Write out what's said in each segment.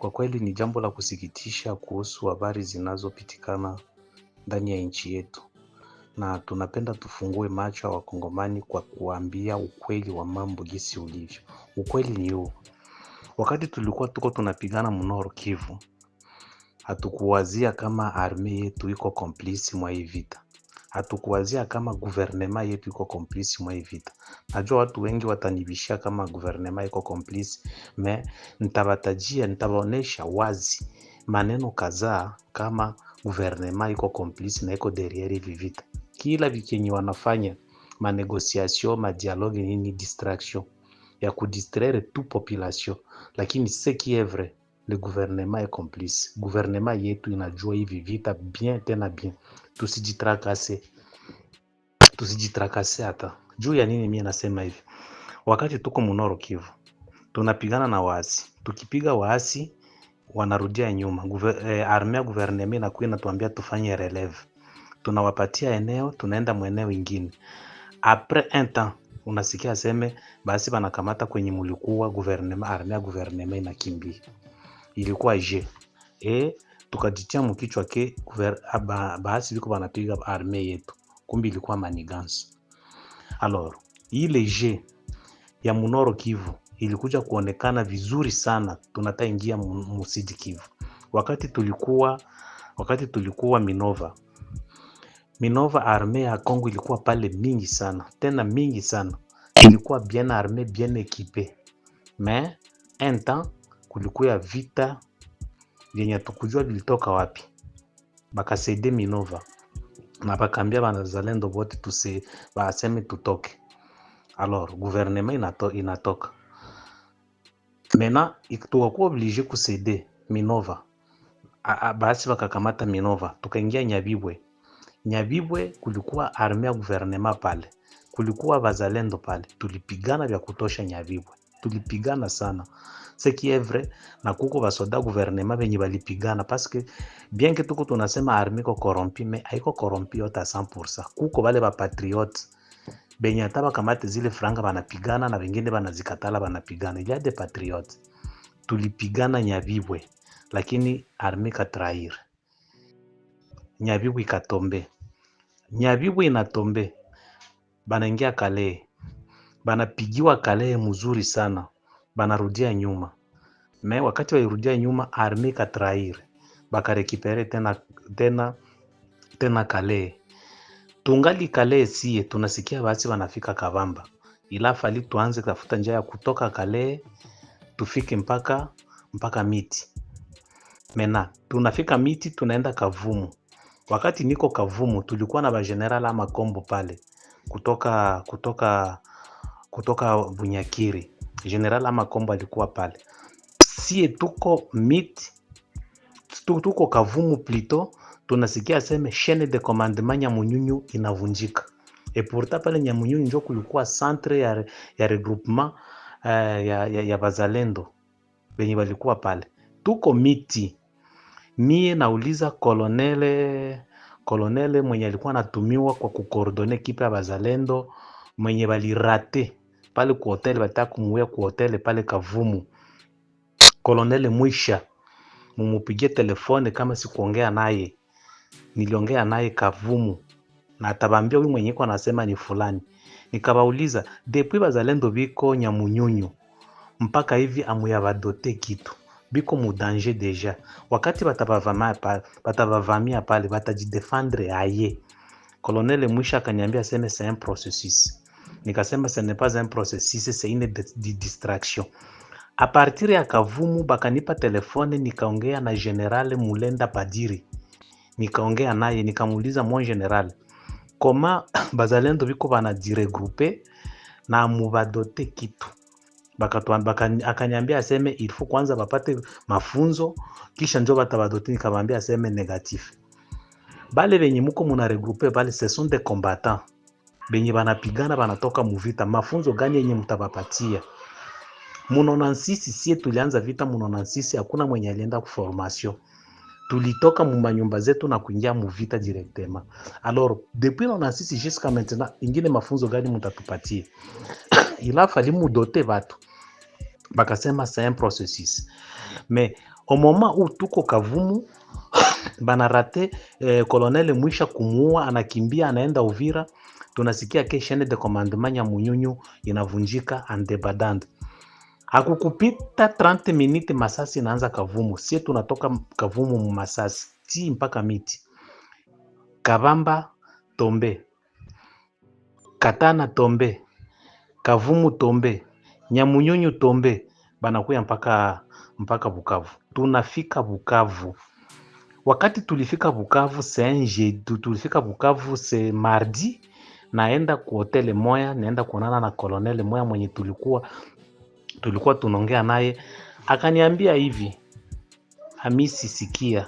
Kwa kweli ni jambo la kusikitisha kuhusu habari zinazopitikana ndani ya nchi yetu, na tunapenda tufungue macho ya Wakongomani kwa kuambia ukweli wa mambo jinsi ulivyo. Ukweli ni huu: wakati tulikuwa tuko tunapigana mnoro Kivu, hatukuwazia kama arme yetu iko komplisi mwa hii vita hatukuwazia kama guvernema yetu iko komplisi mwa hii vita. Najua watu wengi watanibishia kama guvernema iko komplisi me, nitabatajia nitabaonesha wazi maneno kadhaa kama guvernema iko komplisi na iko derriere hivi vita. Kila vikenye wanafanya manegosiation, madialogue nini, distraction ya kudistraire tu population, lakini ce qui est vrai Le gouvernement est complice. Gouvernement yetu inajua vit vite, bien bien, bien, tusijitakase tusijitakase hata juu ya nini. Mimi nasema hivi, wakati tuko Munoro Kivu tunapigana na waasi, tukipiga waasi wanarudia nyuma. Eh, armea ya inakuwa inatuambia tufanye releve, tunawapatia eneo, tunaenda mweneo ingine. Apres un temps unasikia aseme basi wanakamata kwenye mulikuwa guverneme, armea ya guverneme inakimbia ilikuwa je e, tukajitia mkichwa ke bahasi viko banapiga arme yetu, kumbi ilikuwa manigansi. alor ile je ya Munoro Kivu ilikuja kuonekana vizuri sana, tunataingia Musidi Kivu wakati tulikuwa wakati tulikuwa Minova Minova, arme ya Kongo ilikuwa pale mingi sana tena mingi sana, ilikuwa bien arme bien ekipe me un kulikuwa vita vyenye tukujua vilitoka wapi, bakasaide Minova na bakaambia banazalendo bote tuse baseme tutoke. Alors guvernema inato, inatoka mena tukakuwa oblige kusede Minova, basi bakakamata Minova tukaingia Nyabibwe. Nyabibwe kulikuwa arme ya guvernema pale, kulikuwa bazalendo pale, tulipigana vya kutosha Nyabibwe tulipigana sana sekievre na kuko basoda guvernema venye balipigana paske bienke tuko tunasema armi ko korompi me aiko korompi yote 100%. Kuko bale bapatriote benye hata bakamate zile franga banapigana na bengine banazikatala banapigana, ila de patriote tulipigana Nyabibwe, lakini armi katrair Nyabibwe ikatombe. Nyabibwe inatombe banaingia kale banapigiwa kalee mzuri sana, banarudia nyuma me wakati wairudia nyuma arme ikatrair bakarekipere tena, tena, tena kalee tungali kalee sie tunasikia basi wanafika Kavamba, ila fali tuanze kutafuta njia ya kutoka kalee tufike mpaka mpaka miti mena tunafika miti tunaenda Kavumu. Wakati niko Kavumu tulikuwa na bageneral ama kombo pale kutoka kutoka kutoka Bunyakiri. General ama Kombo alikuwa pale. Sie tuko mit tuko Kavumu plito, tunasikia aseme chaine de commandement Nyamunyunyu inavunjika. Et pourtant pale Nyamunyunyu ndio kulikuwa centre ya, ya regroupement uh, ya, ya, ya bazalendo wenye walikuwa pale. Tuko miti mie nauliza kolonele kolonele mwenye alikuwa anatumiwa kwa kukordone kipa ya bazalendo mwenye balirate pale ku hotel, bataka kumuya ku hotel pale Kavumu. Colonel Mwisha mumupigie telefone kama sikuongea naye niliongea naye Kavumu, na atabambia huyu mwenye iko anasema ni fulani. Nikabauliza depuis bazalendo biko Nyamunyunyu mpaka hivi amuyabadote kitu biko mudanger deja, wakati batabavamia pale, batabavamia pale batajidefendre aye. Colonel Mwisha akaniambia seme c'est un processus nikasema ce n'est pas un processus, c'est une distraction. A partir ya Kavumu bakanipa telefone, nikaongea na General Mulenda Badiri, nikaongea naye nikamuuliza, mon general, koma bazalendo biko bana diregrupe na mubadote kitu akaniambia aseme ilfu kwanza bapate mafunzo kisha njo batabadote. Nikamwambia aseme negatif, bale benye muko muna regroupe bale ce sont des combattants benye banapigana banatoka muvita, mafunzo gani yenye mtabapatia? Munaona sisi sie tulianza vita, munaona sisi hakuna mwenye alienda kuformasyon tulitoka mumanyumba zetu na kuingia muvita directement. Alors depuis na sisi jusqu'à maintenant, ingine mafunzo gani mutatupatie? ila fali mudote watu bakasema c'est un processus, mais au moment où tuko Kavumu banarate eh, Colonel mwisha kumuua, anakimbia anaenda Uvira tunasikia ke chaine yaani de commandement ya Munyunyu inavunjika andebadand hakukupita 30 minutes masasi inaanza Kavumu. Sie tunatoka Kavumu mumasasi ti mpaka miti Kabamba Tombe, Katana Tombe, Kavumu Tombe, Nyamunyunyu Tombe, banakuya mpaka mpaka Bukavu. Tunafika Bukavu, wakati tulifika Bukavu se tulifika Bukavu se mardi naenda ku hoteli moya, naenda kuonana na koloneli moya mwenye tulikuwa tulikuwa tunaongea naye, akaniambia hivi, Hamisi, sikia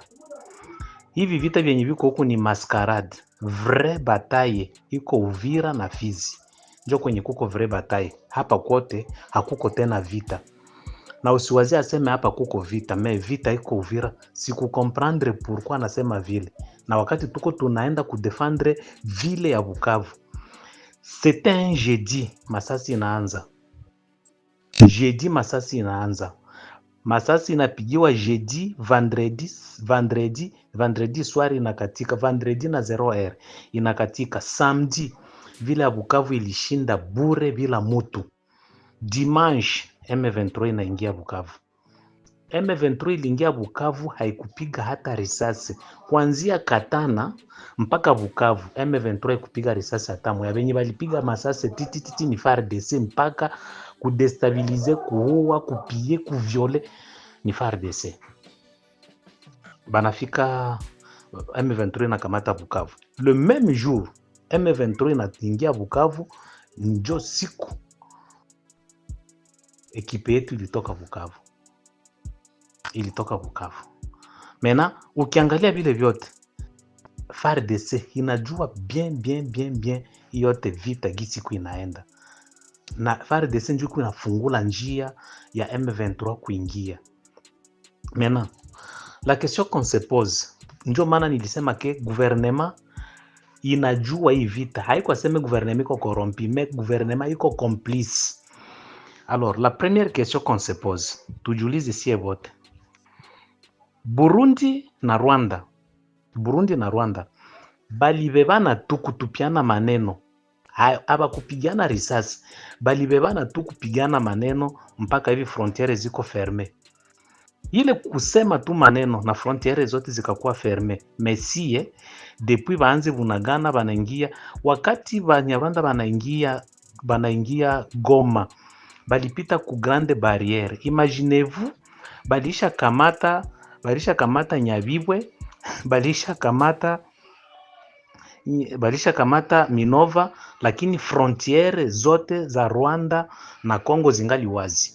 hivi vita vyenye viko huku ni maskaradi vre bataye iko Uvira na Fizi njo kwenye kuko vre bataye. Hapa kwote hakuko tena vita, na usiwazie aseme hapa kuko vita me vita iko Uvira. Sikukomprendre pourquoi anasema vile, na wakati tuko tunaenda kudefendre vile ya Bukavu c'est un jeudi, masasi inaanza. Hmm. Jeudi masasi inaanza. Masasi inapigiwa jeudi, vendredi, vendredi, vendredi swari inakatika, vendredi na 0 r inakatika. Samedi vile ya Bukavu ilishinda bure bila mutu. Dimanche M23 inaingia Bukavu. M23 iliingia Bukavu, haikupiga hata risasi kuanzia Katana mpaka Bukavu. M23 haikupiga risasi hata moja, wenye walipiga masasi titi titi ni FARDC, mpaka kudestabilize, kuua, kupie, kuviole ni FARDC. Banafika M23 kamata Bukavu le meme jour, M23 natingia Bukavu njo siku ekipe yetu ilitoka Bukavu ilitoka Bukavu. Mena ukiangalia vile vyote FARDC inajua bien bien bien bien yote vita gisi kuinaenda inaenda na FARDC njuku inafungula njia ya M23 kuingia. Mena la question qu'on se pose, maana nilisema ke guvernema inajua hii vita haiko aseme gouvernement iko korompi, me guvernema iko complice. Alors la première question qu'on se pose, tujiulize sie Burundi na Rwanda, Burundi na Rwanda balibebana tu kutupiana maneno, habakupigana risasi, balibebana tu kupigana maneno mpaka hivi frontiere ziko ferme. Ile kusema tu maneno na frontiere zote zikakuwa ferme. Mesie eh, depuis baanze vunagana banaingia, wakati Banyarwanda banaingia banaingia Goma balipita ku grande barriere. Imaginez-vous kamata kamata Nyabibwe, walishakamata kamata Minova, lakini frontiere zote za Rwanda na Kongo zingali wazi.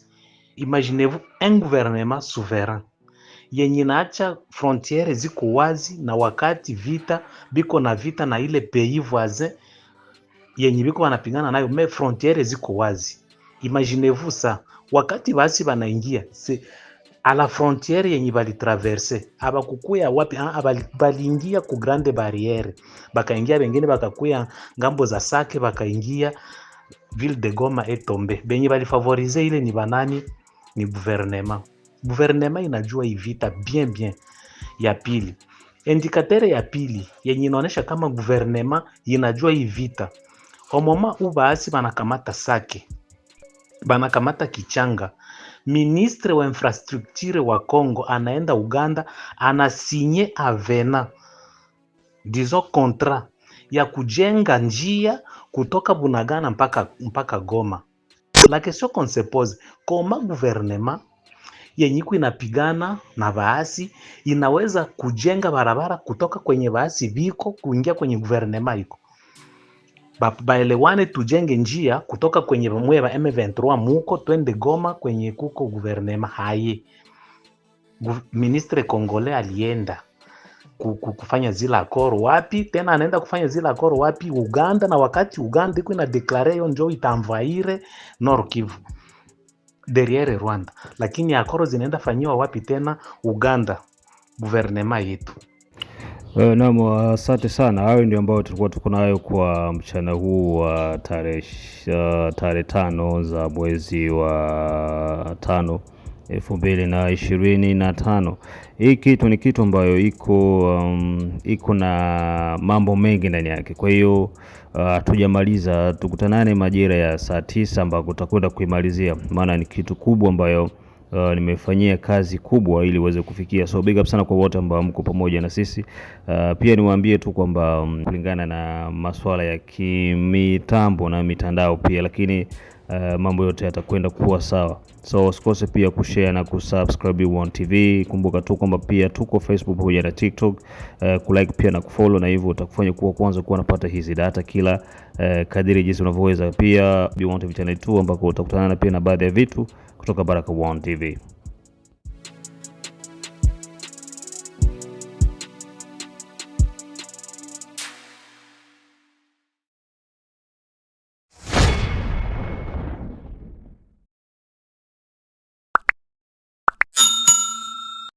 Imaginez-vous un gouvernement souverain yenye naacha frontiere ziko wazi, na wakati vita biko na vita na ile pays voisin yenye biko wanapigana nayo, me frontiere ziko wazi. Imaginez-vous sa wakati basi banaingia a la frontiere yenye balitraverse abakukuya wapi, ah, ah, baliingia ku grande barriere, bakaingia bengine bakakuya ngambo za Sake, bakaingia ville de Goma etombe. Benye balifavorize ile ni banani? Ni guvernema. Guvernema inajua ivita bien bien. Ya pili, indikatere ya pili yenye inaonesha kama guvernema inajua ivita omoma ubaasi banakamata Sake, banakamata Kichanga ministre wa infrastructure wa Congo anaenda Uganda, anasinye avena dizo kontra ya kujenga njia kutoka Bunagana mpaka, mpaka Goma. La question qu'on se pose koma guvernema yenyiku inapigana na vaasi inaweza kujenga barabara kutoka kwenye vaasi viko kuingia kwenye guvernema iko baelewane, tujenge njia kutoka kwenye mwe ba M23 muko twende Goma kwenye kuko guvernema haye. Ministre Kongole alienda kufanya zila akoro wapi tena, anaenda kufanya zila akoro wapi? Uganda. Na wakati Uganda iko inadeklare hiyo itamvaire Nord Kivu Rwanda, lakini akoro zinaenda fanyiwa wapi tena? Uganda, guvernema yetu Eh, naam, asante sana. Hayo ndio ambayo tulikuwa tuko nayo kwa mchana huu wa tarehe eh, tarehe tano za mwezi wa tano elfu mbili na ishirini na tano. Hii kitu ni kitu ambayo iko um, iko na mambo mengi ndani yake, kwa hiyo eh, hatujamaliza. Uh, tukutanane majira ya saa tisa ambako tutakwenda kuimalizia, maana ni kitu kubwa ambayo Uh, nimefanyia kazi kubwa ili uweze kufikia, so big up sana kwa wote ambao mko pamoja na sisi. Uh, pia niwaambie tu kwamba mm, kulingana na masuala ya kimitambo na mitandao pia, lakini uh, mambo yote yatakwenda kuwa sawa. So usikose pia kushare na kusubscribe One TV. Kumbuka tu kwamba pia tuko Facebook pamoja na TikTok, uh, kulike pia na kufollow, na hivyo utakufanya kuwa kwanza kuwa napata hizi data kila uh, kadiri jinsi unavyoweza. Pia One TV channel 2 ambako utakutana pia na baadhi ya vitu kutoka Baraka One TV.